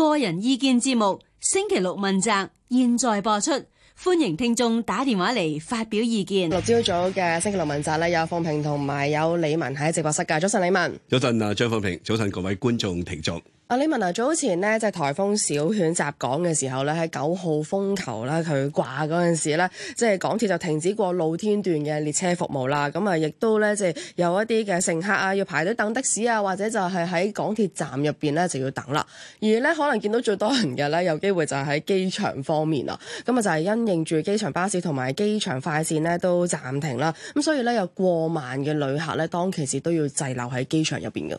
個人意見節目星期六問責，現在播出，歡迎聽眾打電話嚟發表意見。六朝早嘅星期六問責咧，有方平同埋有李文喺直播室噶。早晨，李文。早晨啊，張方平。早晨，各位觀眾聽眾。阿李文啊，早前咧就係颱風小犬襲港嘅時候咧，喺九號風球啦，佢掛嗰陣時咧，即係港鐵就停止過露天段嘅列車服務啦。咁啊，亦都咧即係有一啲嘅乘客啊，要排隊等的士啊，或者就係喺港鐵站入邊咧就要等啦。而咧可能見到最多人嘅咧，有機會就係喺機場方面啦。咁啊，就係因應住機場巴士同埋機場快線咧都暫停啦。咁所以咧有過萬嘅旅客咧，當其時都要滯留喺機場入邊嘅。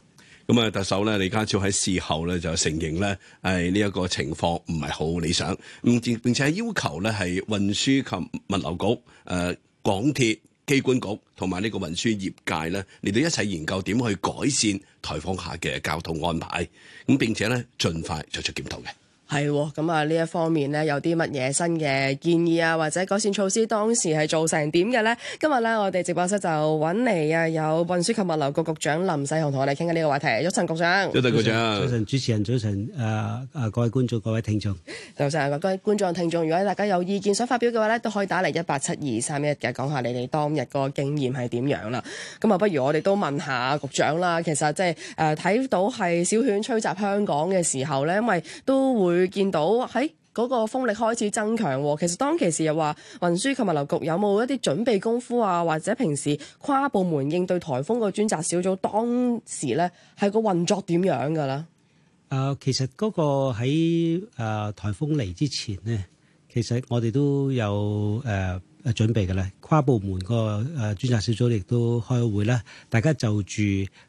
咁啊，特首咧，李家超喺事後咧就承認咧，誒呢一個情況唔係好理想，嗯，並並且要求咧係運輸及物流局、誒、呃、港鐵機管局同埋呢個運輸業界咧，嚟到一齊研究點去改善台風下嘅交通安排，咁並且咧盡快作出檢討嘅。係咁啊，呢一方面咧有啲乜嘢新嘅建議啊，或者改善措施，當時係做成點嘅呢？今日咧我哋直播室就揾嚟啊，有運輸及物流局局、局長林世雄同我哋傾緊呢個話題。早晨，局長。早晨，早晨，主持人。早晨，誒、呃、誒各位觀眾、各位聽眾。早晨，各位觀眾、聽眾，如果大家有意見想發表嘅話咧，都可以打嚟一八七二三一嘅，講下你哋當日個經驗係點樣啦。咁啊，不如我哋都問下局長啦。其實即係誒睇到係小犬吹襲香港嘅時候呢，因為都會。會見到喺嗰、哎嗰個風力開始增強，其實當其時又話運輸及物流局有冇一啲準備功夫啊？或者平時跨部門應對颱風個專責小組當時咧係個運作點樣噶喇？誒、呃，其實嗰個喺誒颱風嚟之前呢，其實我哋都有誒。呃誒準備嘅啦，跨部門個誒專責小組亦都開咗會啦，大家就住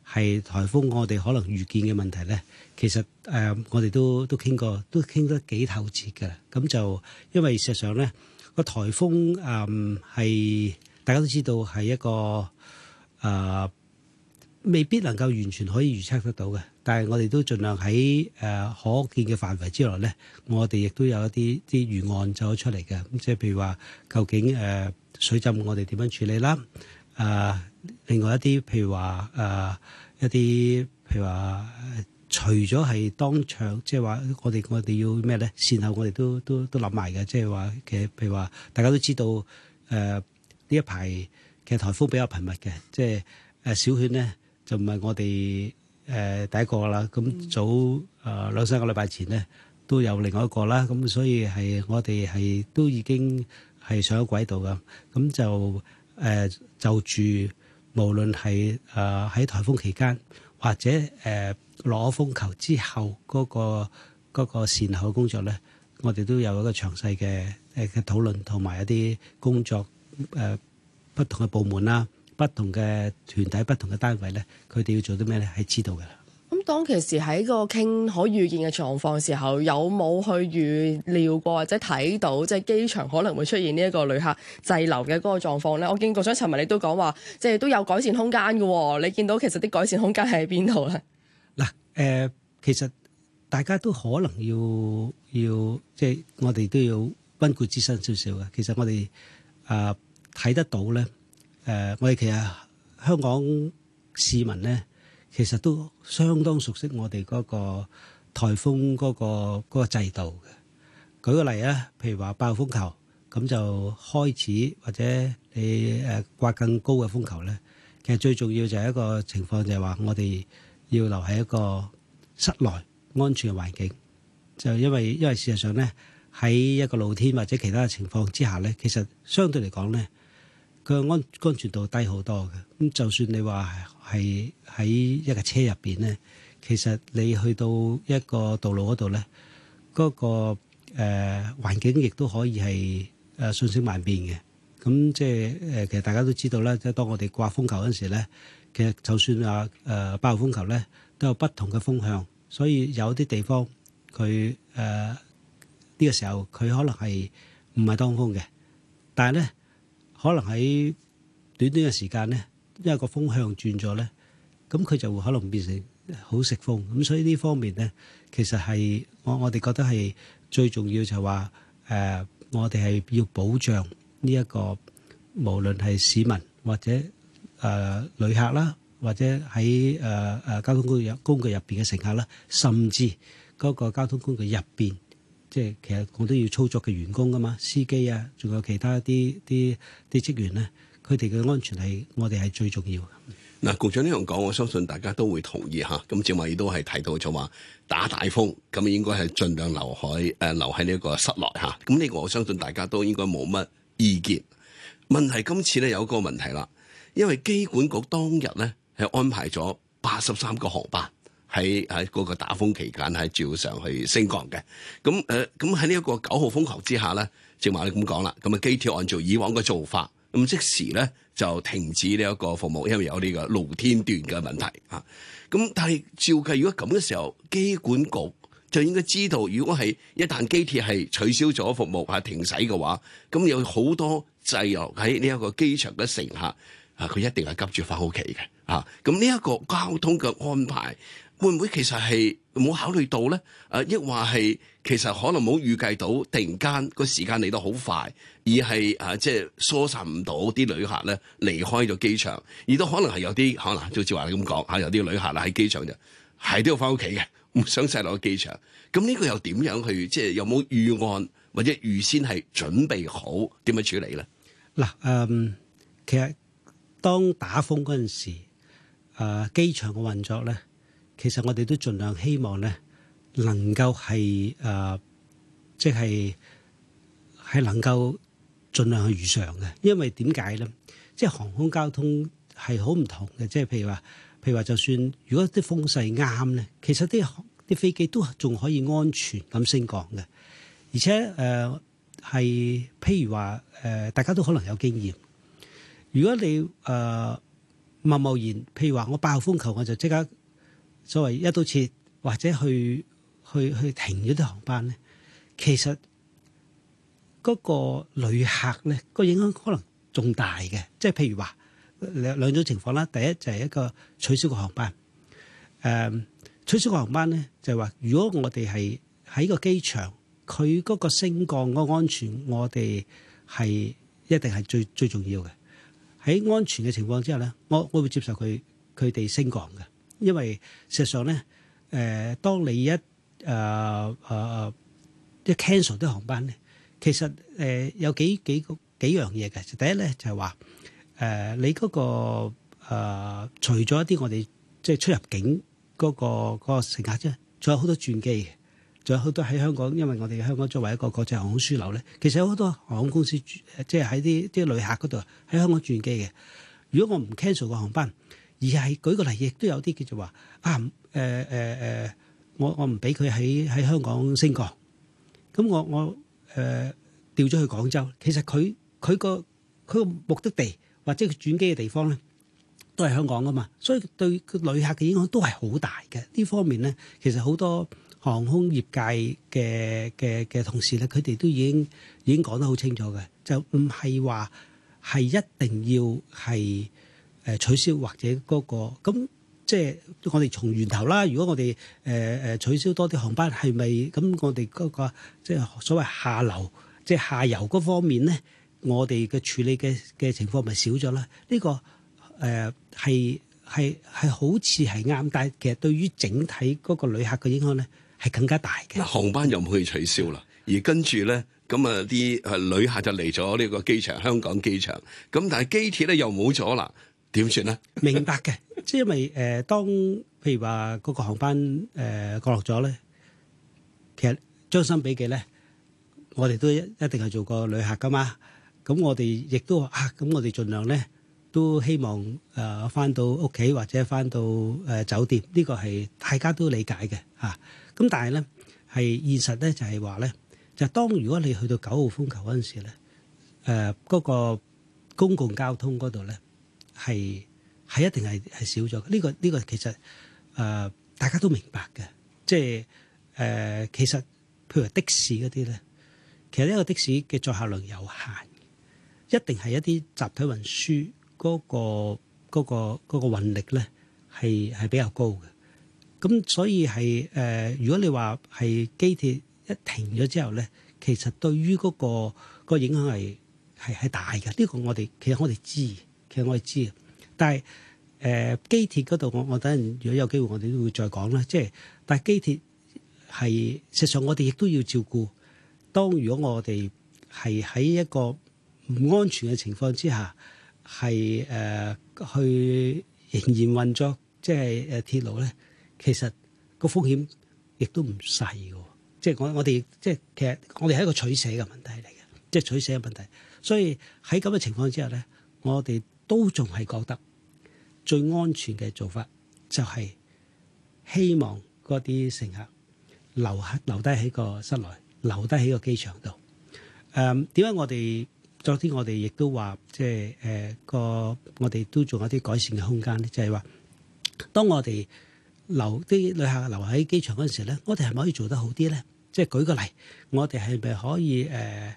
係颱風我哋可能預見嘅問題咧，其實誒我哋都都傾過，都傾得幾透徹㗎。咁就因為事實上咧，個颱風誒係大家都知道係一個誒，未必能夠完全可以預測得到嘅。但係，我哋都盡量喺誒、呃、可見嘅範圍之內咧，我哋亦都有一啲啲預案做咗出嚟嘅。咁即係譬如話，究竟誒、呃、水浸我哋點樣處理啦？誒、呃、另外一啲譬如話誒、呃、一啲譬如話，除咗係當場即係話，我哋我哋要咩咧？善後我哋都都都諗埋嘅。即係話其實譬如話，大家都知道誒呢、呃、一排嘅台風比較頻密嘅，即係誒、呃、小犬咧就唔係我哋。誒、呃、第一個啦，咁、嗯、早誒、呃、兩三個禮拜前咧，都有另外一個啦，咁、嗯、所以係我哋係都已經係上咗軌道嘅，咁、嗯、就誒、呃、就住無論係誒喺颱風期間或者誒落、呃、風球之後嗰、那個嗰、那個善後工作咧，我哋都有一個詳細嘅誒嘅討論同埋一啲工作誒、呃、不同嘅部門啦。不同嘅團體、不同嘅單位咧，佢哋要做啲咩咧？係知道嘅。咁當其時喺個傾可預見嘅狀況時候，有冇去預料過或者睇到，即係機場可能會出現呢一個旅客滯留嘅嗰個狀況咧？我見局長尋日你都講話，即係都有改善空間噶喎。你見到其實啲改善空間喺邊度咧？嗱，誒，其實大家都可能要要，即係我哋都要溫故知新少少嘅。其實我哋啊睇得到咧。誒、呃，我哋其實香港市民呢，其實都相當熟悉我哋嗰個颱風嗰個嗰個制度嘅。舉個例啊，譬如話八號風球，咁就開始或者你誒掛更高嘅風球呢，其實最重要就係一個情況就係話，我哋要留喺一個室內安全嘅環境。就因為因為事實上呢，喺一個露天或者其他嘅情況之下呢，其實相對嚟講呢。佢安安全度低好多嘅，咁就算你話係喺一架車入邊咧，其實你去到一個道路嗰度咧，嗰、那個誒環、呃、境亦都可以係誒瞬息萬變嘅。咁即係誒、呃，其實大家都知道啦，即係當我哋掛風球嗰陣時咧，其實就算啊誒八號、呃、風球咧，都有不同嘅風向，所以有啲地方佢誒呢個時候佢可能係唔係當風嘅，但係咧。可能喺短短嘅時間咧，因為個風向轉咗咧，咁佢就會可能變成好食風，咁所以呢方面咧，其實係我我哋覺得係最重要就係話誒、呃，我哋係要保障呢、這、一個無論係市民或者誒旅客啦，或者喺誒誒交通工具入工具入邊嘅乘客啦，甚至嗰個交通工具入邊。即係其實我都要操作嘅員工噶嘛，司機啊，仲有其他啲啲啲職員咧，佢哋嘅安全係我哋係最重要。嗱，局長呢樣講，我相信大家都會同意嚇。咁正話亦都係提到咗話打大風，咁應該係儘量留喺誒、呃、留喺呢個室內嚇。咁呢個我相信大家都應該冇乜意見。問題今次咧有一個問題啦，因為機管局當日咧係安排咗八十三個航班。喺喺嗰個打風期間係照常去升降嘅，咁誒咁喺呢一個九號風球之下咧，正話你咁講啦，咁啊機鐵按照以往嘅做法，咁即時咧就停止呢一個服務，因為有呢個露天段嘅問題嚇。咁、啊、但係照計，如果咁嘅時候，機管局就應該知道，如果係一旦機鐵係取消咗服務啊停駛嘅話，咁有好多滯留喺呢一個機場嘅乘客啊，佢一定係急住返屋企嘅嚇。咁呢一個交通嘅安排。會唔會其實係冇考慮到咧？誒、啊，亦話係其實可能冇預計到，突然間個時間嚟得好快，而係誒、啊，即係疏散唔到啲旅客咧離開咗機場，亦都可能係有啲可能就，似話你咁講嚇，有啲旅客啦喺機場就係都要翻屋企嘅，唔想晒落個機場。咁呢個又點樣去即係有冇預案或者預先係準備好點樣處理咧？嗱誒、嗯，其實當打風嗰陣時，誒、呃、機場嘅運作咧。其實我哋都盡量希望咧，能夠係誒、呃，即係係能夠盡量去如常嘅。因為點解咧？即係航空交通係好唔同嘅。即係譬如話，譬如話，就算如，如果啲風勢啱咧，其實啲啲飛機都仲可以安全咁升降嘅。而且誒，係、呃、譬如話誒、呃，大家都可能有經驗。如果你誒貿貿然，譬如話我爆風球，我就即刻。作為一刀切或者去去去停咗啲航班咧，其實嗰個旅客咧，個影響可能仲大嘅。即係譬如話兩兩種情況啦，第一就係一個取消個航班。誒、嗯，取消個航班咧，就係話如果我哋係喺個機場，佢嗰個升降個安全，我哋係一定係最最重要嘅。喺安全嘅情況之下咧，我我會接受佢佢哋升降嘅。因為事實上咧，誒，當你一誒誒一 cancel 啲航班咧，其實誒有幾幾個幾樣嘢嘅。第一咧就係話誒，你嗰個誒除咗一啲我哋即係出入境嗰個嗰個乘客啫，仲有好多轉機嘅，仲有好多喺香港，因為我哋香港作為一個國際航空樞紐咧，其實有好多航空公司即係喺啲啲旅客嗰度喺香港轉機嘅。如果我唔 cancel 個航班。而係舉個例，亦都有啲叫做話啊誒誒誒，我我唔俾佢喺喺香港升降，咁我我誒調咗去廣州。其實佢佢個佢個目的地或者佢轉機嘅地方咧，都係香港㗎嘛，所以對佢旅客嘅影響都係好大嘅。呢方面咧，其實好多航空業界嘅嘅嘅同事咧，佢哋都已經已經講得好清楚嘅，就唔係話係一定要係。誒取消或者嗰、那個咁，即係我哋從源頭啦。如果我哋誒誒取消多啲航班，係咪咁我哋嗰、那個即係、就是、所謂下流，即、就、係、是、下游嗰方面咧，我哋嘅處理嘅嘅情況咪少咗啦？呢、這個誒係係係好似係啱，但係其實對於整體嗰個旅客嘅影響咧係更加大嘅。航班又唔可以取消啦，而跟住咧咁啊啲旅客就嚟咗呢個機場香港機場咁，但係機鐵咧又冇咗啦。點算咧？ 明白嘅，即係因為誒、呃，當譬如話嗰、嗰個航班誒、呃、降落咗咧，其實將心比己咧，我哋都一一定係做過旅客噶嘛。咁我哋亦都啊，咁我哋盡量咧都希望誒翻、呃、到屋企或者翻到誒、呃、酒店。呢、呢個係大家都理解嘅吓。咁、啊、但係咧係現實咧就係話咧，就係呢就係、當如果你去到九號風球嗰陣時咧，誒、呃、嗰、嗰個公共交通嗰度咧。係係一定係係少咗嘅。呢個呢個其實誒、呃，大家都明白嘅。即係誒、呃，其實譬如話的士嗰啲咧，其實一個的士嘅載客量有限，一定係一啲集體運輸嗰個嗰個嗰個運力咧係係比較高嘅。咁所以係誒、呃，如果你話係機鐵一停咗之後咧，其實對於嗰個嗰個影響係係係大嘅。呢個我哋其實我哋知。其實我係知嘅，但係誒機鐵嗰度，我我等陣，如果有機會，我哋都會再講啦。即係但係機鐵係實際上，我哋亦都要照顧。當如果我哋係喺一個唔安全嘅情況之下，係誒、呃、去仍然運作，即係誒鐵路咧，其實個風險亦都唔細嘅。即係我我哋即係其實我哋係一個取捨嘅問題嚟嘅，即係取捨嘅問題。所以喺咁嘅情況之下咧，我哋都仲係覺得最安全嘅做法就係希望嗰啲乘客留下留低喺個室內，留低喺個機場度。誒、嗯，點解我哋昨天我哋亦都話即係誒個我哋都仲有啲改善嘅空間咧？就係、是、話當我哋留啲旅客留喺機場嗰陣時咧，我哋係咪可以做得好啲咧？即、就、係、是、舉個例，我哋係咪可以誒呢、呃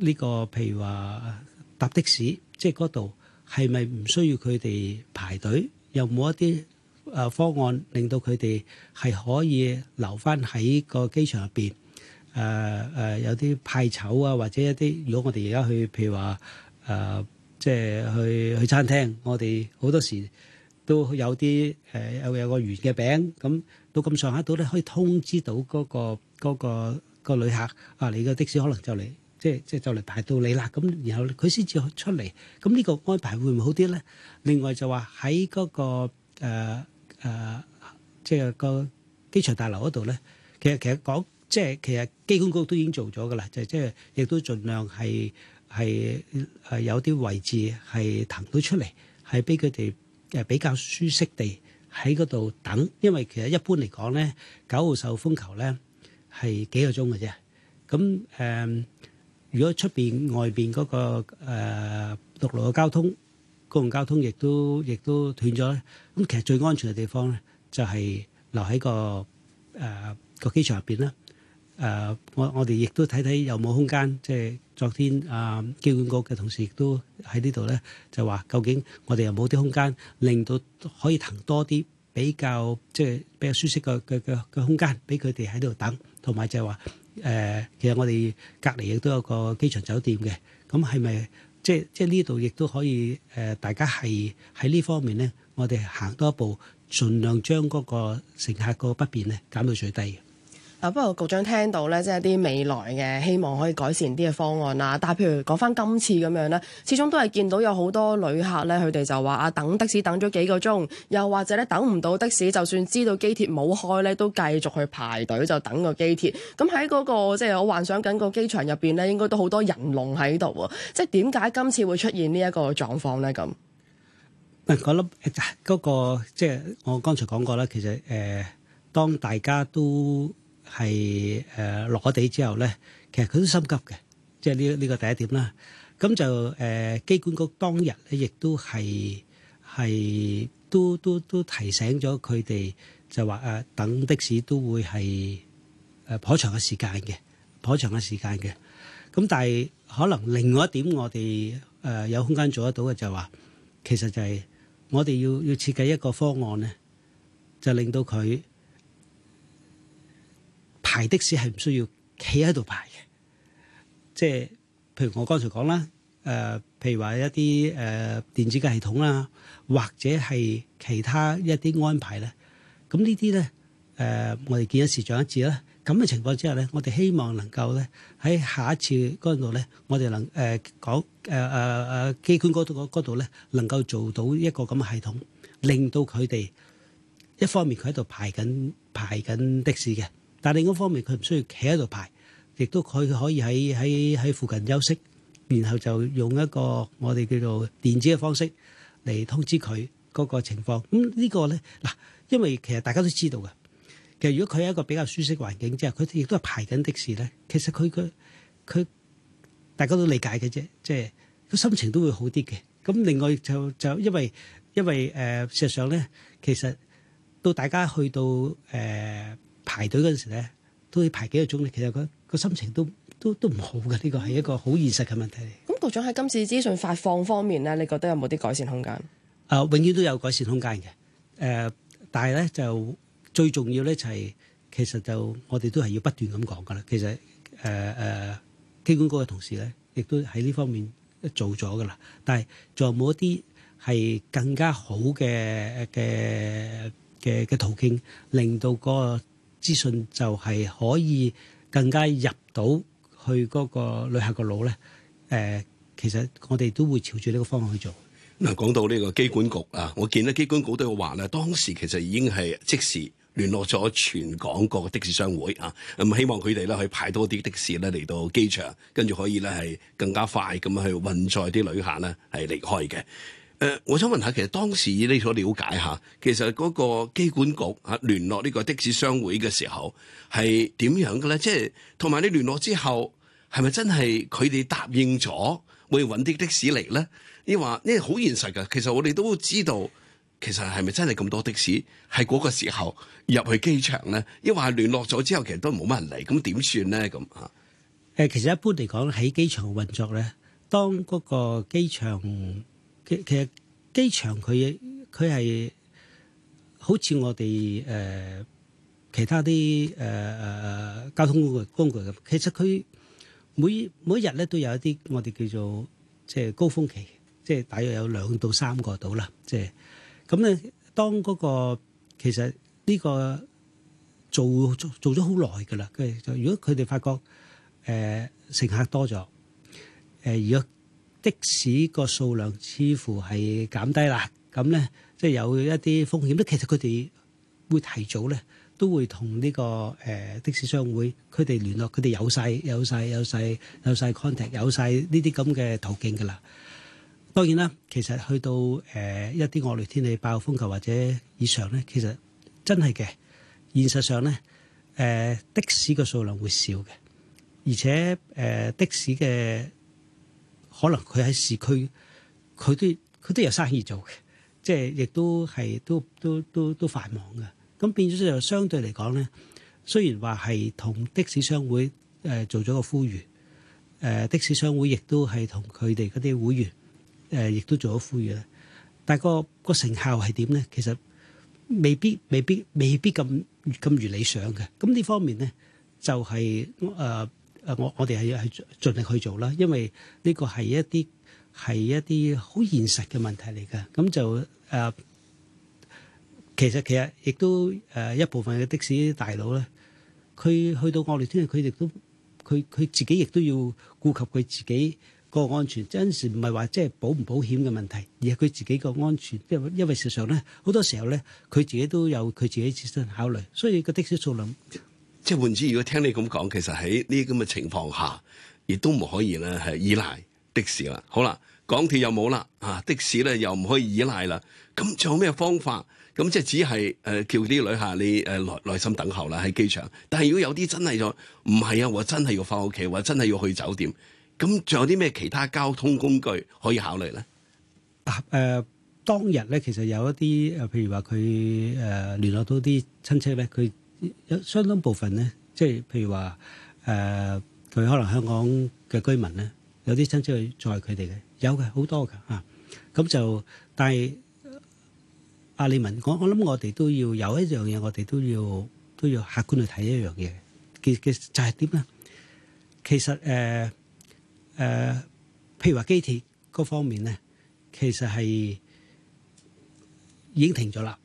這個譬如話搭的士，即係嗰度？係咪唔需要佢哋排隊？有冇一啲誒、呃、方案令到佢哋係可以留翻喺個機場入邊？誒、呃、誒、呃，有啲派籌啊，或者一啲，如果我哋而家去，譬如話誒、呃，即係去去餐廳，我哋好多時都有啲誒、呃，有有個圓嘅餅，咁到咁上下度咧，可以通知到嗰個嗰個個旅客啊，你個的，的士可能就嚟。」即係即係就嚟排到你啦，咁然後佢先至出嚟，咁呢個安排會唔會好啲咧？另外就話喺嗰個誒誒，即係個機場大樓嗰度咧，其實其實講即係其實機管局都已經做咗㗎喇，就即係亦都盡量係係係有啲位置係騰到出嚟，係俾佢哋誒比較舒適地喺嗰度等，因為其實一般嚟講咧，九號受風球咧係幾個鐘嘅啫，咁誒。如果出邊外邊嗰個誒陸路嘅交通，公共交通亦都亦都斷咗咧，咁其實最安全嘅地方咧就係留喺個誒個機場入邊啦。誒，我我哋亦都睇睇有冇空間，即係昨天啊機管局嘅同事亦都喺呢度咧，就話究竟我哋有冇啲空間令到可以騰多啲比較即係比較舒適嘅嘅嘅嘅空間俾佢哋喺度等，同埋就係話。誒、呃，其實我哋隔離亦都有個機場酒店嘅，咁係咪即係即係呢度亦都可以誒、呃？大家係喺呢方面咧，我哋行多一步，盡量將嗰個乘客個不便咧減到最低。啊！不過局長聽到咧，即係啲未來嘅希望可以改善啲嘅方案啦。但係譬如講翻今次咁樣呢，始終都係見到有好多旅客咧，佢哋就話啊，等的士等咗幾個鐘，又或者咧等唔到的士，就算知道機鐵冇開咧，都繼續去排隊就等個機鐵。咁喺嗰個即係我幻想緊個機場入邊呢，應該都好多人龍喺度喎。即係點解今次會出現呢一個狀況呢？咁我諗嗰個、嗰個嗰個、即係我剛才講過啦。其實誒、呃，當大家都係誒落咗地之後咧，其實佢都心急嘅，即係呢呢個第一點啦。咁就誒，機管局當日咧，亦都係係都都都提醒咗佢哋，就話誒、啊、等的士都會係誒頗長嘅時間嘅，頗長嘅時間嘅。咁但係可能另外一點我，我哋誒有空間做得到嘅就話，其實就係我哋要要設計一個方案咧，就令到佢。排的士係唔需要企喺度排嘅，即係譬如我剛才講啦，誒，譬如話一啲誒電子嘅系統啦，或者係其他一啲安排咧。咁呢啲咧，誒，我哋見一次長一次啦。咁嘅情況之下咧，我哋希望能夠咧喺下一次嗰度咧，我哋能誒講誒誒誒機管嗰度嗰嗰度咧，能夠做到一個咁嘅系統，令到佢哋一方面佢喺度排緊排緊的士嘅。但另一方面，佢唔需要企喺度排，亦都可以可以喺喺喺附近休息，然後就用一個我哋叫做電子嘅方式嚟通知佢嗰個情況。咁呢個咧，嗱，因為其實大家都知道嘅。其實如果佢喺一個比較舒適環境之下，佢亦都係排緊的士咧。其實佢佢佢大家都理解嘅啫，即係個心情都會好啲嘅。咁另外就就因為因為誒，事實上咧，其實到大家去到誒。排隊嗰陣時咧，都要排幾個鐘咧，其實個個心情都都都唔好嘅，呢個係一個好現實嘅問題嚟。咁局長喺今次資訊發放方面咧，你覺得有冇啲改善空間？誒，永遠都有改善空間嘅。誒，但係咧就最重要咧就係其實就我哋都係要不斷咁講噶啦。其實誒誒，機管局嘅同事咧亦都喺呢方面做咗噶啦。但係仲有冇一啲係更加好嘅嘅嘅嘅途徑，令到個資訊就係可以更加入到去嗰個旅客個腦咧。誒、呃，其實我哋都會朝住呢個方向去做。嗱，講到呢個機管局啊，我見咧機管局都有話咧，當時其實已經係即時聯絡咗全港各個的，的士商會啊，咁希望佢哋咧可以派多啲的士咧嚟到機場，跟住可以咧係更加快咁去運載啲旅客咧係離開嘅。誒、呃，我想問下，其實當時以你所了解下，其實嗰個機管局嚇、啊、聯絡呢個的士商會嘅時候係點樣嘅咧？即係同埋你聯絡之後，係咪真係佢哋答應咗會揾啲的士嚟咧？你話呢好現實㗎，其實我哋都知道，其實係咪真係咁多的士喺嗰個時候入去機場咧？亦話聯絡咗之後，其實都冇乜人嚟，咁點算咧？咁啊？誒、呃，其實一般嚟講喺機場運作咧，當嗰個機場。其其實機場佢佢係好似我哋誒、呃、其他啲誒誒交通工具工具咁，其實佢每每日咧都有一啲我哋叫做即係高峰期，即係大約有兩到三個度啦。即係咁咧，那當嗰、嗰個其實呢個做做咗好耐噶啦。佢如果佢哋發覺誒、呃、乘客多咗，誒如果。的士個數量似乎係減低啦，咁咧即係有一啲風險咧。其實佢哋會提早咧，都會同呢、這個誒、呃、的士商會佢哋聯絡，佢哋有晒有晒有晒有晒 contact，有晒呢啲咁嘅途徑㗎啦。當然啦，其實去到誒、呃、一啲惡劣天氣、暴風球或者以上咧，其實真係嘅，現實上咧誒、呃、的士個數量會少嘅，而且誒、呃、的士嘅。可能佢喺市區，佢都佢都有生意做嘅，即係亦都係都都都都繁忙嘅。咁變咗就相對嚟講咧，雖然話係同的士商會誒、呃、做咗個呼籲，誒、呃、的士商會亦都係同佢哋嗰啲會員誒亦、呃、都做咗呼籲啦。但係、嗰個、嗰個成效係點咧？其實未必未必未必咁咁如理想嘅。咁呢方面咧就係、是、誒。呃誒，我我哋係係盡力去做啦，因為呢個係一啲係一啲好現實嘅問題嚟嘅。咁就誒、呃，其實其實亦都誒、呃、一部分嘅的士大佬咧，佢去到惡劣天氣，佢亦都佢佢自己亦都要顧及佢自己個安全。即陣時唔係話即係保唔保險嘅問題，而係佢自己個安全。因為因為事實上咧，好多時候咧，佢自己都有佢自己自身考慮，所以個的士數量。即係換之，如果聽你咁講，其實喺呢啲咁嘅情況下，亦都唔可以咧係依賴的士啦。好啦，港鐵又冇啦，啊的士咧又唔可以依賴啦。咁仲有咩方法？咁即係只係誒、呃、叫啲旅客你誒耐耐心等候啦喺機場。但係如果有啲真係就唔係啊，我真係要翻屋企，或者真係要去酒店，咁仲有啲咩其他交通工具可以考慮咧？啊誒、呃，當日咧其實有一啲誒，譬如話佢誒聯絡到啲親戚咧，佢。有相當部分咧，即係譬如話誒，佢可能香港嘅居民咧，有啲親戚去載佢哋嘅，有嘅好多㗎吓。咁就但係阿里文講，我我諗我哋都要有一樣嘢，我哋都要都要客觀去睇一樣嘢嘅嘅，就係點咧？其實誒誒，譬如話機鐵嗰方面咧，其實係已經停咗啦。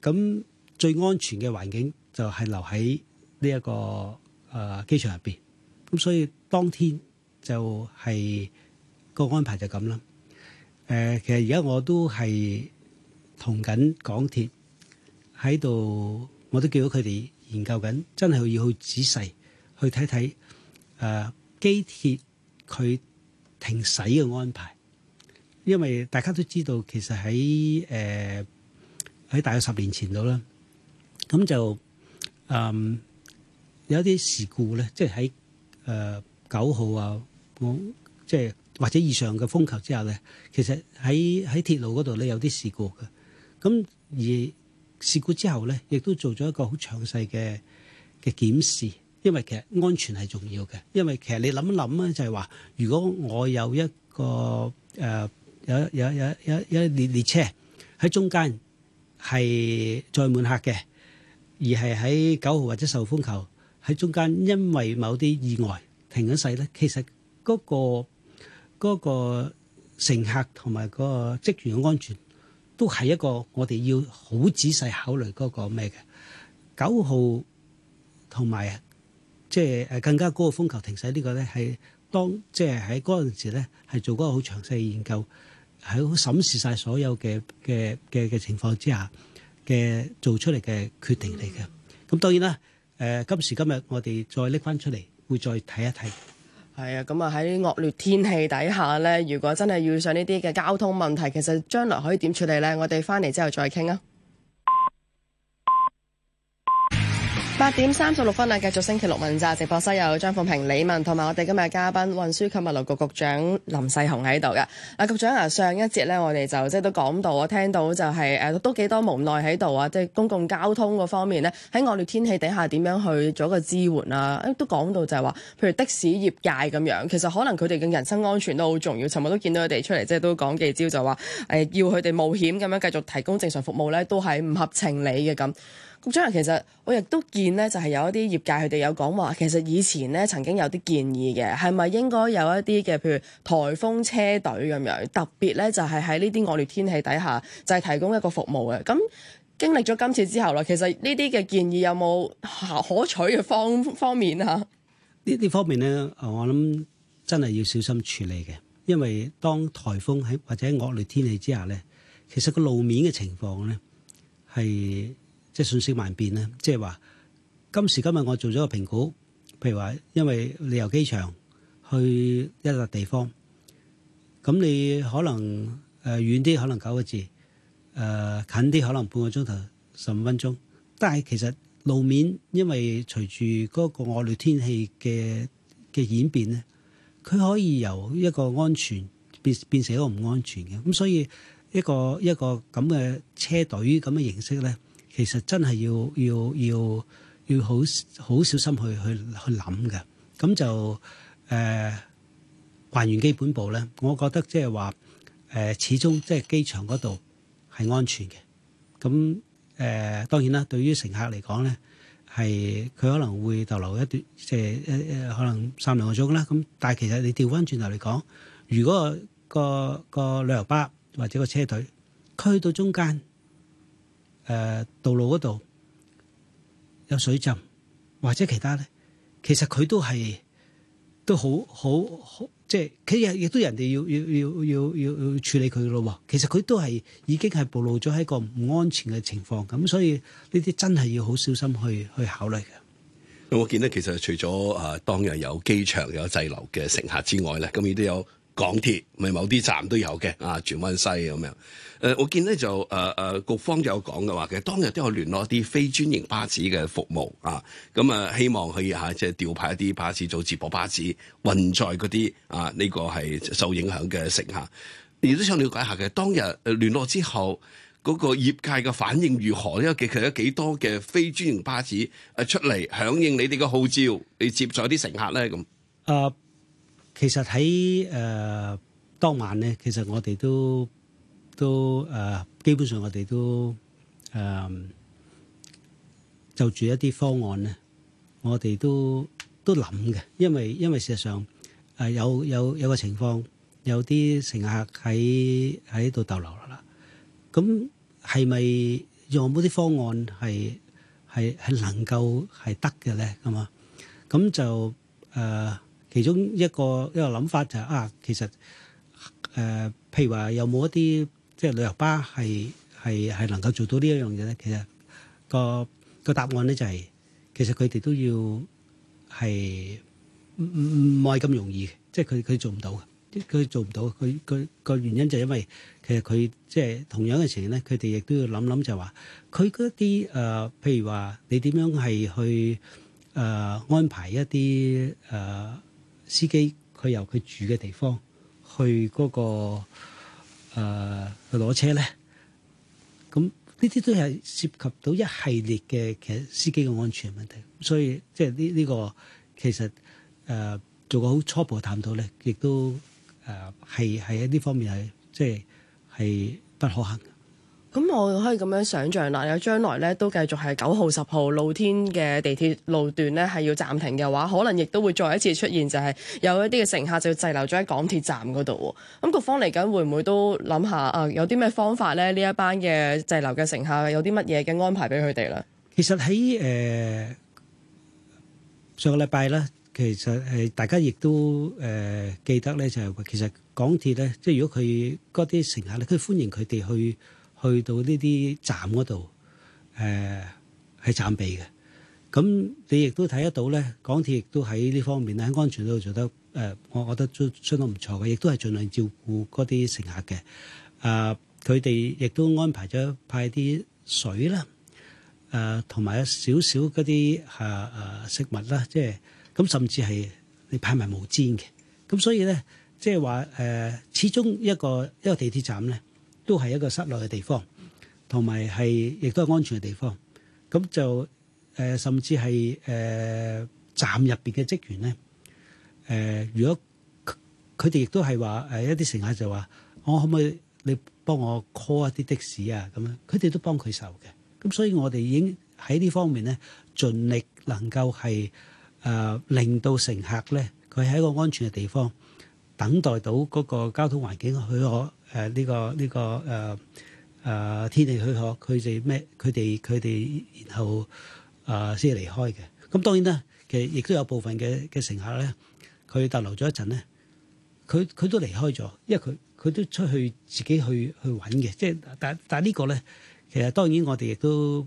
咁最安全嘅環境就係留喺呢一個誒、呃、機場入邊，咁所以當天就係、是、個安排就咁啦。誒、呃，其實而家我都係同緊港鐵喺度，我都叫咗佢哋研究緊，真係要好仔細去睇睇誒機鐵佢停駛嘅安排，因為大家都知道，其實喺誒喺大約十年前度啦。咁就誒、嗯、有啲事故咧，即係喺誒九號啊，我、嗯、即係或者以上嘅風球之下咧，其實喺喺鐵路嗰度咧有啲事故嘅。咁而事故之後咧，亦都做咗一個好詳細嘅嘅檢視，因為其實安全係重要嘅。因為其實你諗一諗咧，就係話如果我有一個誒、呃、有有有有一列列車喺中間係載滿客嘅。而係喺九號或者受風球喺中間，因為某啲意外停緊勢咧，其實嗰個、嗰個乘客同埋嗰個職員嘅安全都係一個我哋要好仔細考慮，嗰個咩嘅九號同埋即係誒更加高嘅風球停駛呢、呢個咧，係當即係喺嗰陣時咧係做嗰個好詳細嘅研究，喺審視晒所有嘅嘅嘅嘅情況之下。嘅做出嚟嘅決定嚟嘅，咁當然啦。誒、呃，今時今日我哋再拎翻出嚟，會再睇一睇。係啊，咁啊喺惡劣天氣底下咧，如果真係遇上呢啲嘅交通問題，其實將來可以點處理咧？我哋翻嚟之後再傾啊。八點三十六分啊！繼續星期六問責直播室，有張鳳平、李文，同埋我哋今日嘉賓運輸及物流局局長林世雄喺度嘅。啊局長啊，上一節咧，我哋就即係都講到啊，聽到就係誒，都幾多無奈喺度啊，即係公共交通嗰方面咧，喺惡劣天氣底下點樣去做一個支援啊？誒，都講到就係話，譬如的士業界咁樣，其實可能佢哋嘅人身安全都好重要。尋日都見到佢哋出嚟，即係都講幾招，就話誒，要佢哋冒險咁樣繼續提供正常服務咧，都係唔合情理嘅。咁局長啊，其實我亦都見咧，就係有一啲業界佢哋有講話，其實以前咧曾經有啲建議嘅，係咪應該有一啲嘅，譬如颱風車隊咁樣，特別咧就係喺呢啲惡劣天氣底下就係提供一個服務嘅。咁經歷咗今次之後啦，其實呢啲嘅建議有冇可取嘅方方面啊？呢啲方面咧，我諗真係要小心處理嘅，因為當颱風喺或者惡劣天氣之下咧，其實個路面嘅情況咧係，即信息萬變咧，即係話今時今日我做咗個評估，譬如話，因為你由機場去一笪地方，咁你可能誒遠啲，可能九個字誒、呃、近啲，可能半個鐘頭十五分鐘。但係其實路面，因為隨住嗰個惡劣天氣嘅嘅演變咧，佢可以由一個安全變變，變成一個唔安全嘅咁，所以一個一個咁嘅車隊咁嘅形式咧。其實真係要要要要好好小心去去去諗嘅，咁就誒還原基本步咧。我覺得即係話誒，始終即係機場嗰度係安全嘅。咁誒當然啦，對於乘客嚟講咧，係佢可能會逗留一段即係誒誒，可能三兩個鍾啦。咁但係其實你調翻轉頭嚟講，如果個個個旅遊巴或者個車隊去到中間。誒、呃、道路嗰度有水浸或者其他咧，其實佢都係都好好好，即係佢亦亦都人哋要要要要要要處理佢咯喎。其實佢都係已經係暴露咗喺個唔安全嘅情況，咁所以呢啲真係要好小心去去考慮嘅、嗯。我見到，其實除咗啊、呃、當日有機場有滯留嘅乘客之外咧，咁亦都有港鐵，咪某啲站都有嘅啊，荃灣西咁樣。誒、呃，我見咧就誒誒，局方有講嘅話，其實當日都有聯絡一啲非專營巴士嘅服務啊，咁、嗯、啊，希望可以吓即係調派一啲巴士做接駁巴士，運載嗰啲啊呢、這個係受影響嘅乘客。亦都想了解下嘅，當日、呃、聯絡之後，嗰、那個業界嘅反應如何？因為佢佢有幾多嘅非專營巴士誒出嚟響應你哋嘅號召，你接載啲乘客咧咁？啊、呃，其實喺誒、呃、當晚咧，其實我哋都。都誒、呃，基本上我哋都誒、呃、就住一啲方案咧，我哋都都諗嘅，因為因為事實上誒、呃、有有有個情況，有啲乘客喺喺度逗留啦，咁係咪用冇啲方案係係係能夠係得嘅咧？咁啊，咁就誒、呃、其中一個一個諗法就係、是、啊，其實誒、呃、譬如話有冇一啲？即係旅遊巴係係係能夠做到呢一樣嘢咧，其實個個答案咧就係、是、其實佢哋都要係唔唔唔冇咁容易，即係佢佢做唔到嘅，佢做唔到。佢佢個原因就因為其實佢即係同樣嘅情形咧，佢哋亦都要諗諗就話佢嗰啲誒，譬如話你點樣係去誒、呃、安排一啲誒、呃、司機，佢由佢住嘅地方去嗰、嗰個。誒去攞車咧，咁呢啲都係涉及到一系列嘅其實司機嘅安全問題，所以即係呢呢個其實誒、呃、做個好初步嘅探討咧，亦都誒係係喺呢方面係即係係不可行。咁我可以咁樣想象啦。如果將來咧都繼續係九號十號露天嘅地鐵路段呢係要暫停嘅話，可能亦都會再一次出現，就係有一啲嘅乘客就滯留咗喺港鐵站嗰度。咁、嗯、局方嚟緊會唔會都諗下啊？有啲咩方法咧？呢一班嘅滯留嘅乘客有啲乜嘢嘅安排俾佢哋咧？其實喺誒上個禮拜咧，其實係大家亦都誒記得咧，就係其實港鐵咧，即係如果佢嗰啲乘客咧，佢歡迎佢哋去。去到，呃、到呢啲站嗰度，誒係暫避嘅。咁你亦都睇得到咧，港鐵亦都喺呢方面咧，喺安全度做得誒，呃，我覺得都相當唔錯嘅。亦都係盡量照顧嗰啲乘客嘅，呃呃啊。啊，佢哋亦都安排咗派啲水啦，誒同埋有少少嗰啲誒誒食物啦，即係咁，甚至係你派埋毛氈嘅。咁所以咧，即係話誒，始終一個一個地鐵站咧，都係一個室內嘅地方，同埋係亦都係安全嘅地方。咁就誒，甚至係誒站入邊嘅職員咧，誒如果佢哋亦都係話誒，一啲乘客就話：我可唔可以你幫我 call 一啲的士啊？咁樣佢哋都幫佢受嘅。咁所以，我哋已經喺呢方面咧，盡力能夠係誒令到乘客咧，佢喺一個安全嘅地方等待到嗰個交通環境許可。誒呢、呃這個呢個誒誒天氣許可，佢哋咩？佢哋佢哋，然後誒先至離開嘅。咁當然啦，其實亦都有部分嘅嘅乘客咧，佢逗留咗一陣咧，佢佢都離開咗，因為佢佢都出去自己去去揾嘅。即係但但係呢個咧，其實當然我哋亦都誒誒、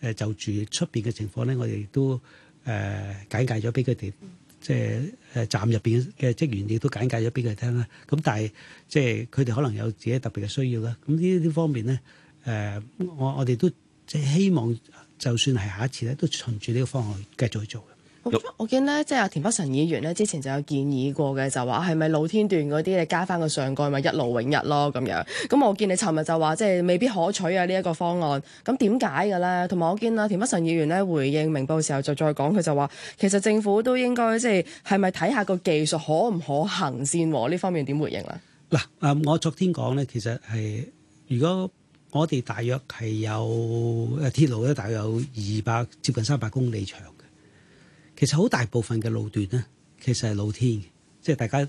呃、就住出邊嘅情況咧，我哋亦都誒、呃、解誡咗俾佢哋。即係誒站入邊嘅職員，亦都簡介咗俾佢聽啦。咁但係即係佢哋可能有自己特別嘅需要啦。咁呢啲方面咧，誒、呃、我我哋都即係希望，就算係下一次咧，都循住呢個方向繼續去做嘅。我，我見呢，即係阿田北辰議員呢，之前就有建議過嘅，就話係咪露天段嗰啲，你加返個上蓋，咪一勞永逸咯咁樣。咁我見你尋日就話，即係未必可取啊呢一個方案。咁點解嘅咧？同埋我見啊，田北辰議員呢，回應明報時候就再講，佢就話其實政府都應該即係係咪睇下個技術可唔可行先？呢方面點回應啦？嗱，誒，我昨天講呢，其實係如果我哋大約係有誒鐵路咧，大約有二百接近三百公里長。其實好大部分嘅路段咧，其實係露天嘅，即係大家誒誒、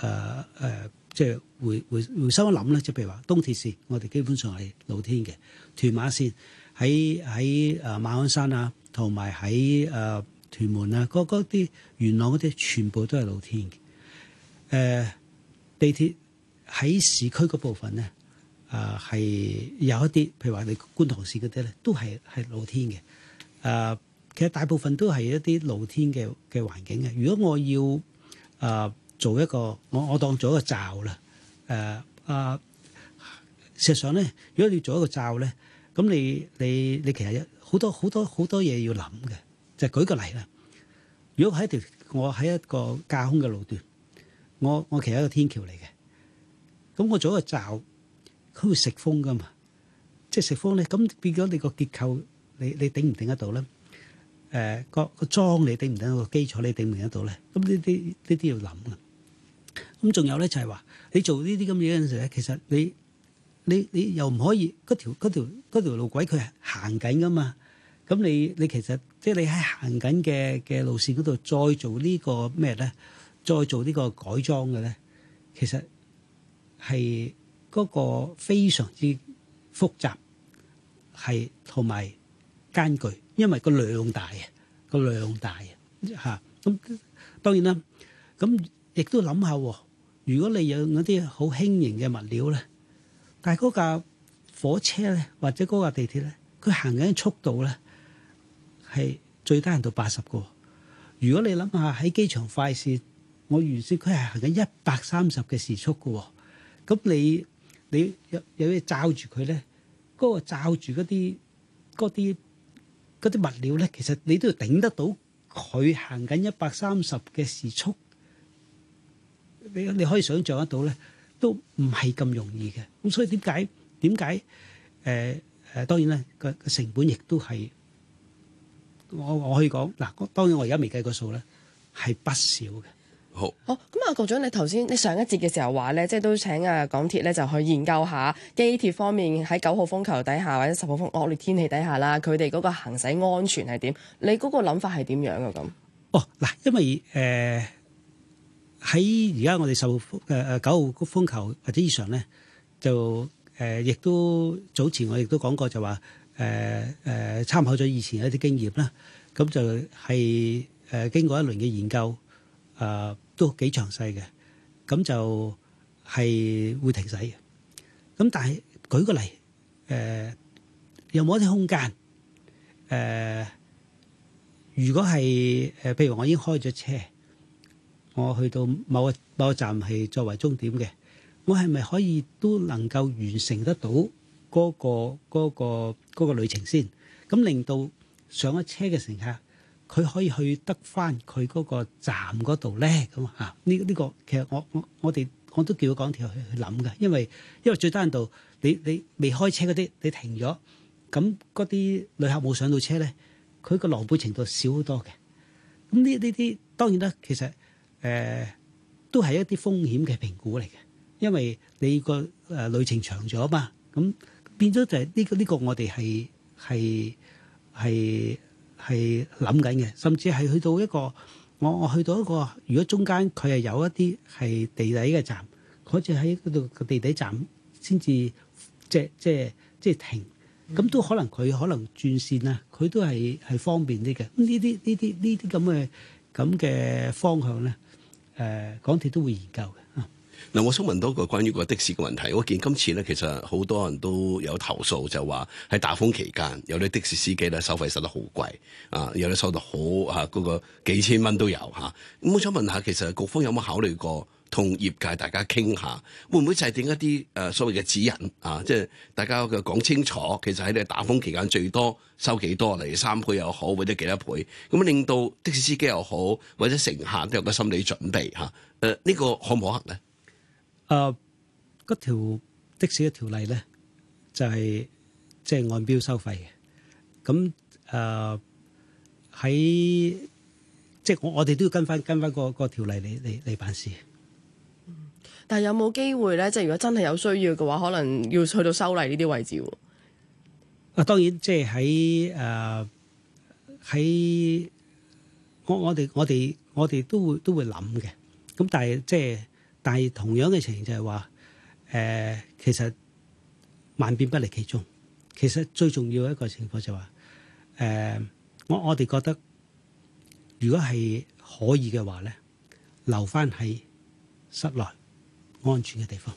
呃呃，即係回回回心一諗咧，即係譬如話東鐵線，我哋基本上係露天嘅；屯馬線喺喺誒馬鞍山啊，同埋喺誒屯門啊，嗰啲元朗嗰啲全部都係露天嘅。誒、呃、地鐵喺市區嗰部分咧，啊、呃、係有一啲，譬如話你觀塘線嗰啲咧，都係係露天嘅。誒、呃。其實大部分都係一啲露天嘅嘅環境嘅。如果我要啊做一個，我我當做一個罩啦。誒啊，事實上咧，如果你做一個罩咧，咁你你你其實有好多好多好多嘢要諗嘅。就舉個例啦，如果喺條我喺一個架空嘅路段，我我其實一個天橋嚟嘅，咁我做一個罩，佢會食風噶嘛，即係食風咧。咁變咗你個結構，你你頂唔頂得到咧？誒，個個裝，你頂唔頂，個基礎你頂唔頂得到咧？咁呢啲呢啲要諗噶。咁仲有咧就係話，你做呢啲咁嘢嗰陣時咧，其實你你你又唔可以嗰條嗰條嗰條路軌佢行緊噶嘛？咁你你其實即係你喺行緊嘅嘅路線嗰度再做呢個咩咧？再做呢個改裝嘅咧，其實係嗰個非常之複雜，係同埋艱巨。因為個量大啊，個量大啊嚇。咁當然啦，咁亦都諗下喎。如果你有嗰啲好輕盈嘅物料咧，但係嗰架火車咧，或者嗰架地鐵咧，佢行緊嘅速度咧係最低行到八十個。如果你諗下喺機場快線，我預算佢係行緊一百三十嘅時速嘅喎。咁你你有有咩罩住佢咧？嗰個罩住嗰啲嗰啲。嗰啲物料咧，其實你都要頂得到佢行緊一百三十嘅時速，你你可以想象得到咧，都唔係咁容易嘅。咁所以點解點解？誒誒，當然咧，個個成本亦都係我我可以講嗱，當然我而家未計過數咧，係不少嘅。好，咁、嗯、啊，局長，你頭先你上一節嘅時候話咧，即係都請啊港鐵咧就去研究下機鐵方面喺九號風球底下或者十號風惡劣天氣底下啦，佢哋嗰個行駛安全係點？你嗰個諗法係點樣啊？咁哦嗱，因為誒喺而家我哋十號誒誒九號、呃、九號風球或者以上咧，就誒亦都早前我亦都講過就話誒誒參考咗以前一啲經驗啦，咁就係誒經過一輪嘅研究啊。呃都幾詳細嘅，咁就係會停駛嘅。咁但係舉個例，誒有冇一啲空間？誒如果係誒，譬如我已經開咗車，我去到某個某個站係作為終點嘅，我係咪可以都能夠完成得到嗰個嗰個嗰個旅程先？咁令到上咗車嘅乘客。佢可以去得翻佢嗰個站嗰度咧，咁啊呢呢個其實我我我哋我都叫港鐵去去諗嘅，因為因為最低限度你你未開車嗰啲，你停咗，咁嗰啲旅客冇上到車咧，佢個狼狽程度少好多嘅。咁呢呢啲當然啦，其實誒、呃、都係一啲風險嘅評估嚟嘅，因為你個誒、呃、旅程長咗嘛，咁變咗就係呢、呢個呢、呢個我哋係係係。係諗緊嘅，甚至係去到一個，我我去到一個，如果中間佢係有一啲係地底嘅站，好似喺嗰度地底站先至即係即係即係停，咁都可能佢可能轉線啊，佢都係係方便啲嘅。呢啲呢啲呢啲咁嘅咁嘅方向咧，誒、呃，港鐵都會研究嘅。嗱，我想問多個關於個的士嘅問題。我見今次咧，其實好多人都有投訴，就話喺打風期間，有啲的，的士司機咧收費收得好貴啊，有啲收得好啊，嗰個幾千蚊都有嚇。咁我想問下，其實局方有冇考慮過同業界大家傾下，會唔會制定一啲誒所謂嘅指引啊？即係大家嘅講清楚，其實喺呢個打風期間最多收幾多嚟？例如三倍又好，或者幾多倍？咁令到的士司機又好，或者乘客都有個心理準備嚇。誒、啊，呢、呢個可唔可行咧？誒，嗰條、uh, 的士嘅條例咧，就係、是就是 uh, 即係按表收費嘅。咁誒喺即係我我哋都要跟翻跟翻、那個、那個條例嚟嚟嚟辦事。嗯、但係有冇機會咧？即係如果真係有需要嘅話，可能要去到修例呢啲位置。啊，當然即係喺誒喺我我哋我哋我哋都會都會諗嘅。咁但係即係。就是但係同樣嘅情形就係話，誒，其實萬變不離其宗。其實最重要一個情況就係話，誒我我哋覺得如果係可以嘅話咧，留翻喺室內安全嘅地方。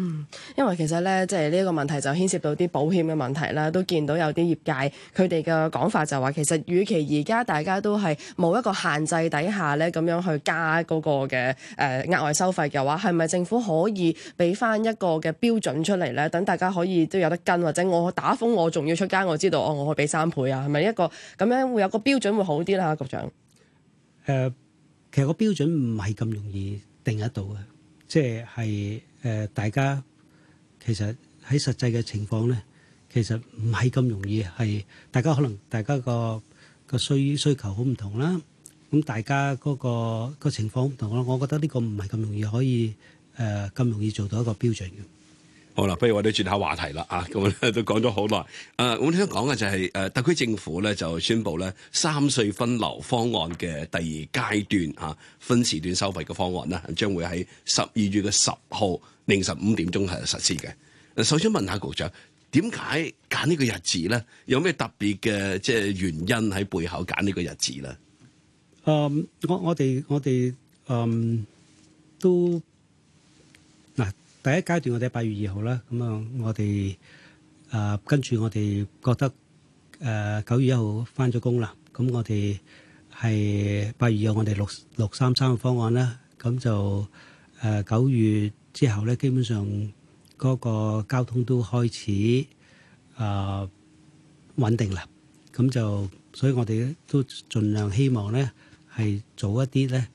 嗯，因為其實咧，即係呢個問題就牽涉到啲保險嘅問題啦。都見到有啲業界佢哋嘅講法就話，其實與其而家大家都係冇一個限制底下咧，咁樣去加嗰個嘅誒、呃、額外收費嘅話，係咪政府可以俾翻一個嘅標準出嚟咧,等大家可以都有得跟，或者我打風，我仲要出街，我知道哦，我可以俾三倍啊，係咪一個咁樣會有個標準會好啲啦？局長誒、呃，其實個標準唔係咁容易定得到嘅，即係係。誒、呃，大家其實喺實際嘅情況咧，其實唔係咁容易，係大家可能大家個個需需求好唔同啦，咁大家嗰、那個個情況唔同啦，我覺得呢個唔係咁容易可以誒咁、呃、容易做到一個標準嘅。好啦，不如我哋轉下話題啦啊！咁咧都講咗好耐，誒、啊，我哋想講嘅就係、是、誒、啊，特區政府咧就宣布咧三隧分流方案嘅第二階段吓、啊，分時段收費嘅方案咧，將會喺十二月嘅十號凌晨五點鐘係實施嘅、啊。首先問下局長，點解揀呢個日子咧？有咩特別嘅即係原因喺背後揀呢個日子咧？誒、um，我我哋我哋誒都。第一階段我哋八月二號啦，咁啊，我哋啊跟住我哋覺得誒九月一號翻咗工啦。咁我哋係八月二號我哋六六三三嘅方案啦。咁就誒九月之後咧，基本上嗰個交通都開始啊穩定啦。咁就所以我哋都盡量希望咧係早一啲咧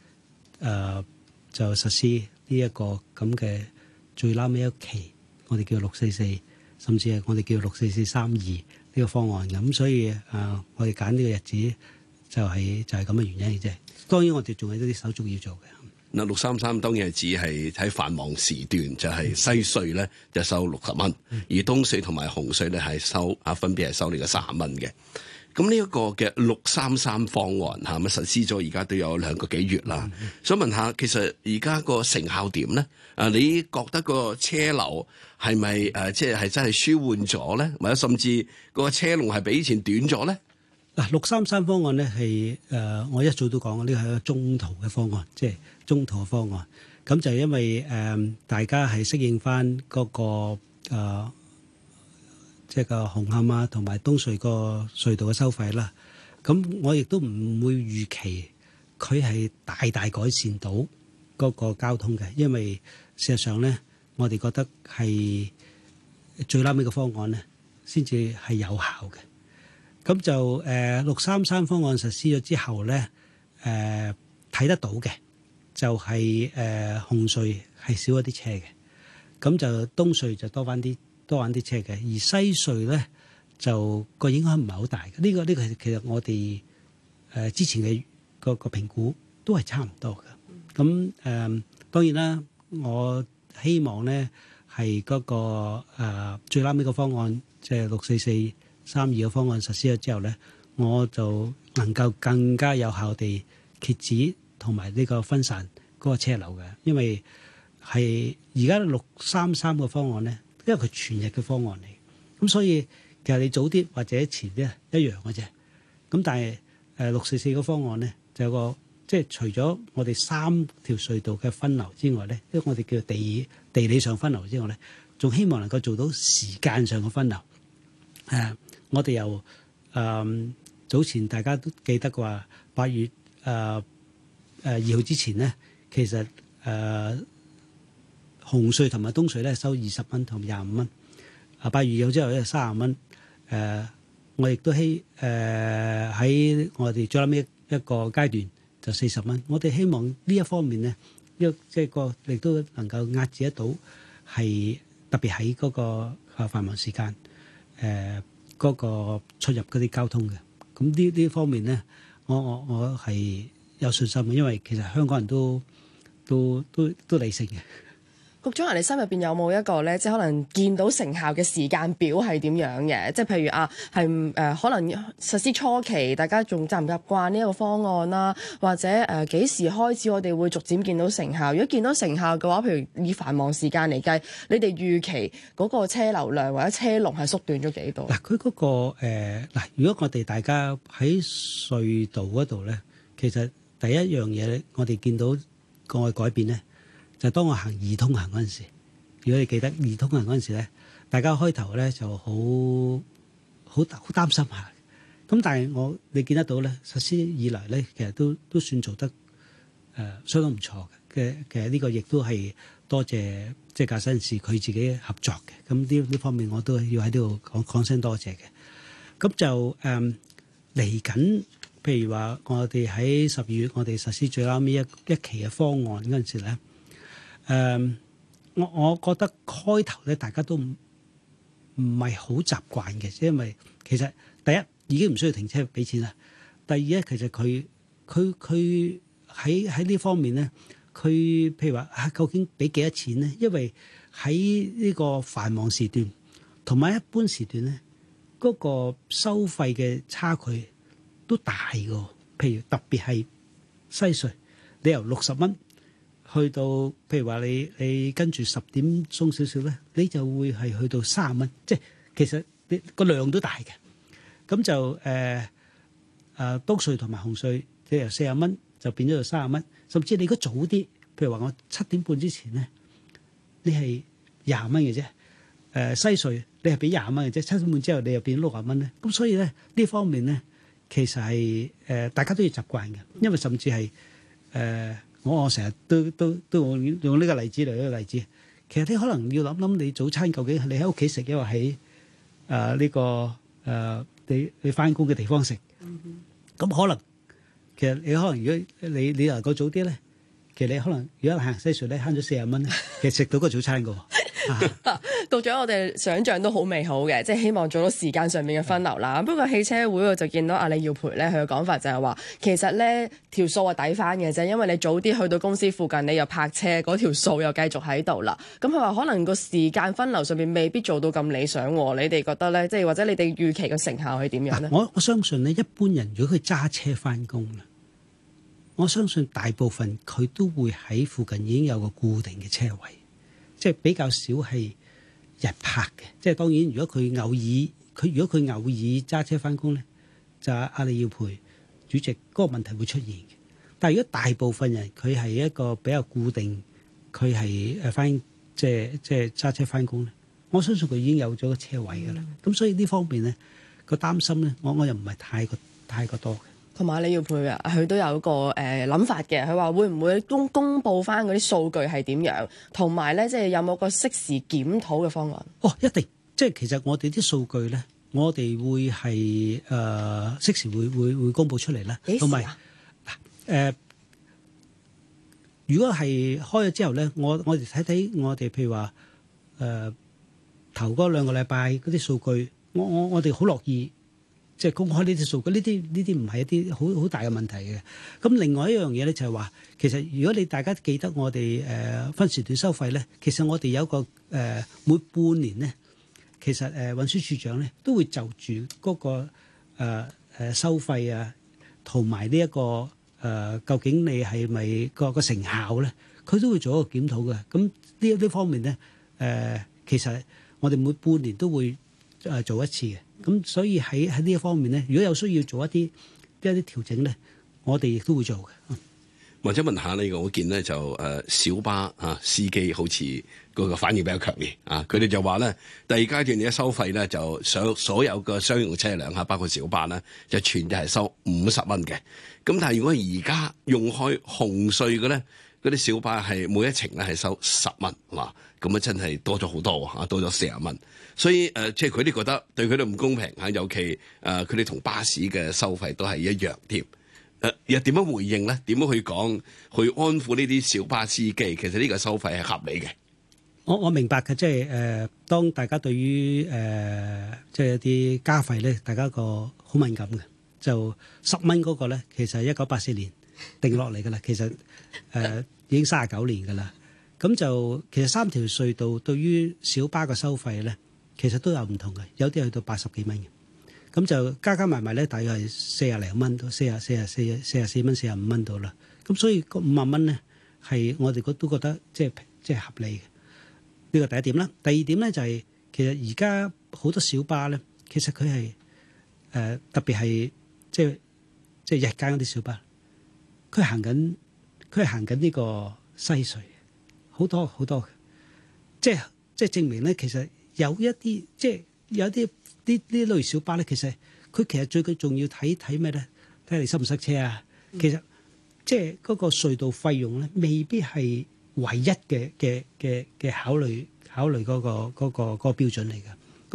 誒就實施呢一個咁嘅。最拉尾一期，我哋叫六四四，甚至係我哋叫六四四三二呢個方案咁，所以啊、呃，我哋揀呢個日子就係、是、就係咁嘅原因嘅啫。當然我哋仲有啲手續要做嘅。嗱、嗯，六三三當然係指係喺繁忙時段就係、是、西隧咧就收六十蚊，而東隧同埋紅隧咧係收啊分別係收你個卅蚊嘅。咁呢一個嘅六三三方案嚇，咁實施咗而家都有兩個幾月啦。想問下，其實而家個成效點咧？啊，你覺得個車流係咪誒，即係係真係舒緩咗咧，或者甚至個車龍係比以前短咗咧？嗱，六三三方案咧係誒，我一早都講，呢個係一個中途嘅方案，即係中途嘅方案。咁就係因為誒，大家係適應翻嗰個誒。即係個紅磡啊，同埋東隧個隧道嘅收費啦。咁我亦都唔會預期佢係大大改善到嗰個交通嘅，因為事實上咧，我哋覺得係最拉尾嘅方案咧，先至係有效嘅。咁就誒，六三三方案實施咗之後咧，誒、呃、睇得到嘅就係誒，紅隧係少一啲車嘅，咁就東隧就多返啲。多玩啲車嘅，而西隧咧就個影響唔係好大嘅。呢、這個呢、這個其實我哋誒、呃、之前嘅個個評估都係差唔多嘅。咁誒、呃、當然啦，我希望咧係嗰個、呃、最啱呢個方案，即係六四四三二嘅方案實施咗之後咧，我就能夠更加有效地揭止同埋呢個分散嗰、那個車流嘅，因為係而家六三三嘅方案咧。因為佢全日嘅方案嚟，咁、嗯、所以其實你早啲或者前啲一樣嘅啫。咁但係誒六四四個方案咧，就有個即係除咗我哋三條隧道嘅分流之外咧，即係我哋叫地理地理上分流之外咧，仲希望能夠做到時間上嘅分流。誒、啊，我哋由誒、呃、早前大家都記得話，八月誒誒二號之前咧，其實誒。呃紅隧同埋東隧咧收二十蚊同廿五蚊，啊八月有之後咧，三十蚊，誒我亦都希誒喺我哋最後尾一個階段就四十蚊。我哋希望呢一方面咧，一即係個亦都能夠壓制得到，係特別喺嗰個啊繁忙時間誒嗰個出入嗰啲交通嘅。咁呢呢方面咧，我我我係有信心嘅，因為其實香港人都都都都理性嘅。局長，你心入邊有冇一個咧？即係可能見到成效嘅時間表係點樣嘅？即係譬如啊，係誒可能實施初期，大家仲習唔習慣呢一個方案啦？或者誒幾、啊、時開始我哋會逐漸見到成效？如果見到成效嘅話，譬如以繁忙時間嚟計，你哋預期嗰個車流量或者車龍係縮短咗幾多？嗱、誒，佢嗰個嗱，如果我哋大家喺隧道嗰度咧，其實第一樣嘢我哋見到個改變咧。就當我行二通行嗰陣時，如果你記得二通行嗰陣時咧，大家開頭咧就好好好擔心下。咁但係我你見得到咧，實施以來咧，其實都都算做得誒、呃，相當唔錯嘅，嘅其實呢、這個亦都係多謝即係駕駛人士佢自己合作嘅。咁呢呢方面我都要喺呢度講講聲多謝嘅。咁就誒嚟緊，譬如話我哋喺十二月，我哋實施最啱尾一一,一期嘅方案嗰陣時咧。誒，um, 我我覺得開頭咧，大家都唔唔係好習慣嘅，因為其實第一已經唔需要停車俾錢啦。第二咧，其實佢佢佢喺喺呢方面咧，佢譬如話啊，究竟俾幾多錢咧？因為喺呢個繁忙時段同埋一般時段咧，嗰個收費嘅差距都大㗎。譬如特別係西隧，你由六十蚊，去到譬如話你你跟住十點鬆少少咧，你就會係去到三十蚊，即係其實你個量都大嘅。咁就誒誒，東隧同埋紅隧，即係由四十蚊就變咗做三十蚊，甚至你如果早啲，譬如話我七點半之前咧，你係廿蚊嘅啫。誒西隧你係俾廿蚊嘅啫，七點半之後你又變六十蚊咧。咁所以咧呢方面咧，其實係誒大家都要習慣嘅，因為甚至係誒。我我成日都都都用呢個例子嚟一個例子。其實你可能要諗諗，你早餐究竟你喺屋企食，抑或喺誒呢個誒、呃、你你翻工嘅地方食？咁、嗯嗯、可能其實你可能如果你你能夠早啲咧，其實你可能如果行西隧咧，慳咗四十蚊，其實食到個早餐嘅喎。局長、啊、我哋想象都好美好嘅，即係希望做到時間上面嘅分流啦。的不過汽車會我就見到阿李耀培呢，佢嘅講法就係話，其實呢條數啊抵翻嘅啫，因為你早啲去到公司附近，你又泊車嗰條數又繼續喺度啦。咁佢話可能個時間分流上面未必做到咁理想，你哋覺得呢？即係或者你哋預期嘅成效係點樣呢？啊、我我相信咧，一般人如果佢揸車翻工啦，我相信大部分佢都會喺附近已經有個固定嘅車位。即係比較少係人拍嘅，即係當然，如果佢偶爾佢如果佢偶爾揸車翻工咧，就阿阿李耀培主席嗰個問題會出現嘅。但係如果大部分人佢係一個比較固定，佢係誒翻即係即係揸車翻工咧，我相信佢已經有咗個車位㗎啦。咁、mm hmm. 所以呢方面咧，個擔心咧，我我又唔係太過太過多嘅。同埋你要配合，佢都有個誒諗、呃、法嘅。佢話會唔會公公佈翻嗰啲數據係點樣？同埋咧，即係有冇個適時檢討嘅方案？哦，一定！即係其實我哋啲數據咧，我哋會係誒適時會會會,會公布出嚟咧。同埋、啊，啊、呃？如果係開咗之後咧，我我哋睇睇我哋譬如話誒、呃、頭嗰兩個禮拜嗰啲數據，我我我哋好樂意。即係公開呢啲數據，呢啲呢啲唔係一啲好好大嘅問題嘅。咁另外一樣嘢咧就係話，其實如果你大家記得我哋誒分時段收費咧，其實我哋有個誒每半年咧，其實誒運輸處長咧都會就住嗰個誒誒收費啊，同埋呢一個誒究竟你係咪個個成效咧，佢都會做一個檢討嘅。咁呢一啲方面咧，誒其實我哋每半年都會誒做一次嘅。咁所以喺喺呢一方面咧，如果有需要做一啲一啲調整咧，我哋亦都會做嘅。或者問下呢個，我見咧就誒、呃、小巴啊司機好似個反應比較強烈啊，佢哋就話咧第二階段你一收費咧，就所所有嘅商用車輛啊，包括小巴啦，就全日係收五十蚊嘅。咁但係如果而家用開紅隧嘅咧？嗰啲小巴係每一程咧係收十蚊，嗱咁啊真係多咗好多嚇，多咗四十蚊。所以誒、呃，即係佢哋覺得對佢哋唔公平嚇，尤其誒佢哋同巴士嘅收費都係一樣添。誒、呃、又點樣回應咧？點樣去講去安撫呢啲小巴司機？其實呢個收費係合理嘅。我我明白嘅，即係誒，當大家對於誒即係一啲加費咧，大家個好敏感嘅，就十蚊嗰個咧，其實一九八四年定落嚟㗎啦，其實誒。呃 已經三十九年噶啦，咁就其實三條隧道對於小巴嘅收費咧，其實都有唔同嘅，有啲去到八十幾蚊嘅，咁就加加埋埋咧，大約係四十零蚊到四十四，四十四，四十四，四十四蚊，四十五蚊到啦。咁所以五萬蚊咧係我哋都覺得即係即係合理嘅，呢個第一點啦。第二點咧就係、是、其實而家好多小巴咧，其實佢係誒特別係即係即係日間嗰啲小巴，佢行緊。佢行緊呢個西隧，好多好多嘅，即係即係證明咧，其實有一啲即係有啲啲呢類小巴咧，其實佢其實最緊重要睇睇咩咧？睇你塞唔塞車啊？其實、嗯、即係嗰、嗰個隧道費用咧，未必係唯一嘅嘅嘅嘅考慮考慮嗰、嗰個嗰、嗰個嗰、嗰個嗰個、標準嚟㗎。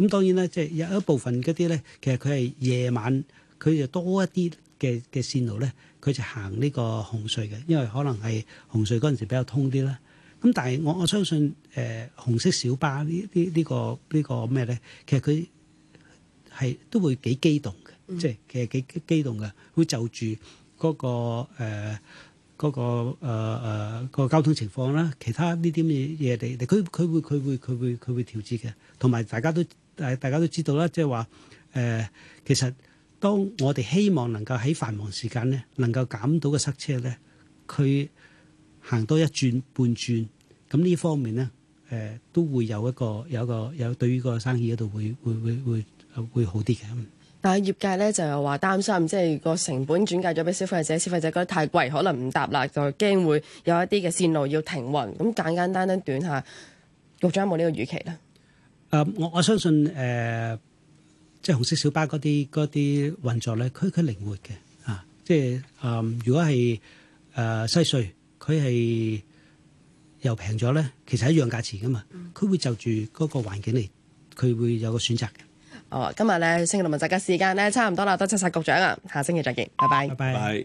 咁當然啦，即係有一部分嗰啲咧，其實佢係夜晚佢就多一啲。嘅嘅線路咧，佢就行呢個紅隧嘅，因為可能係紅隧嗰陣時比較通啲啦。咁但係我我相信誒、呃、紅色小巴、呢個呢個呢個、呢啲呢個呢個咩咧，其實佢係都會幾機動嘅，嗯、即係其實幾機動嘅，會就住嗰、嗰個誒嗰、呃嗰個誒、呃嗰個、交通情況啦。其他呢啲嘢嘢地佢佢會佢會佢會佢會，會，會調節嘅。同埋大家都誒大家都知道啦，即係話誒其實。當我哋希望能夠喺繁忙時間咧，能夠減到個塞車呢，佢行多一轉半轉，咁呢方面呢誒、呃、都會有一個有一個有對於個生意嗰度會會會會會好啲嘅。但係業界呢就又話擔心，即係個成本轉嫁咗俾消費者，消費者覺得太貴，可能唔搭啦，就驚會有一啲嘅線路要停運。咁簡簡單單，單短下，局長有冇呢個預期呢？誒、呃，我我相信誒。呃即係紅色小巴嗰啲啲運作咧，佢佢靈活嘅啊！即係嗯，如果係誒西隧，佢係又平咗咧，其實一樣價錢㗎嘛，佢、嗯、會就住嗰個環境嚟，佢會有個選擇嘅。哦，今日咧，星期六日雜嘅時間咧，差唔多啦，多謝晒局長啊，下星期再見，拜拜。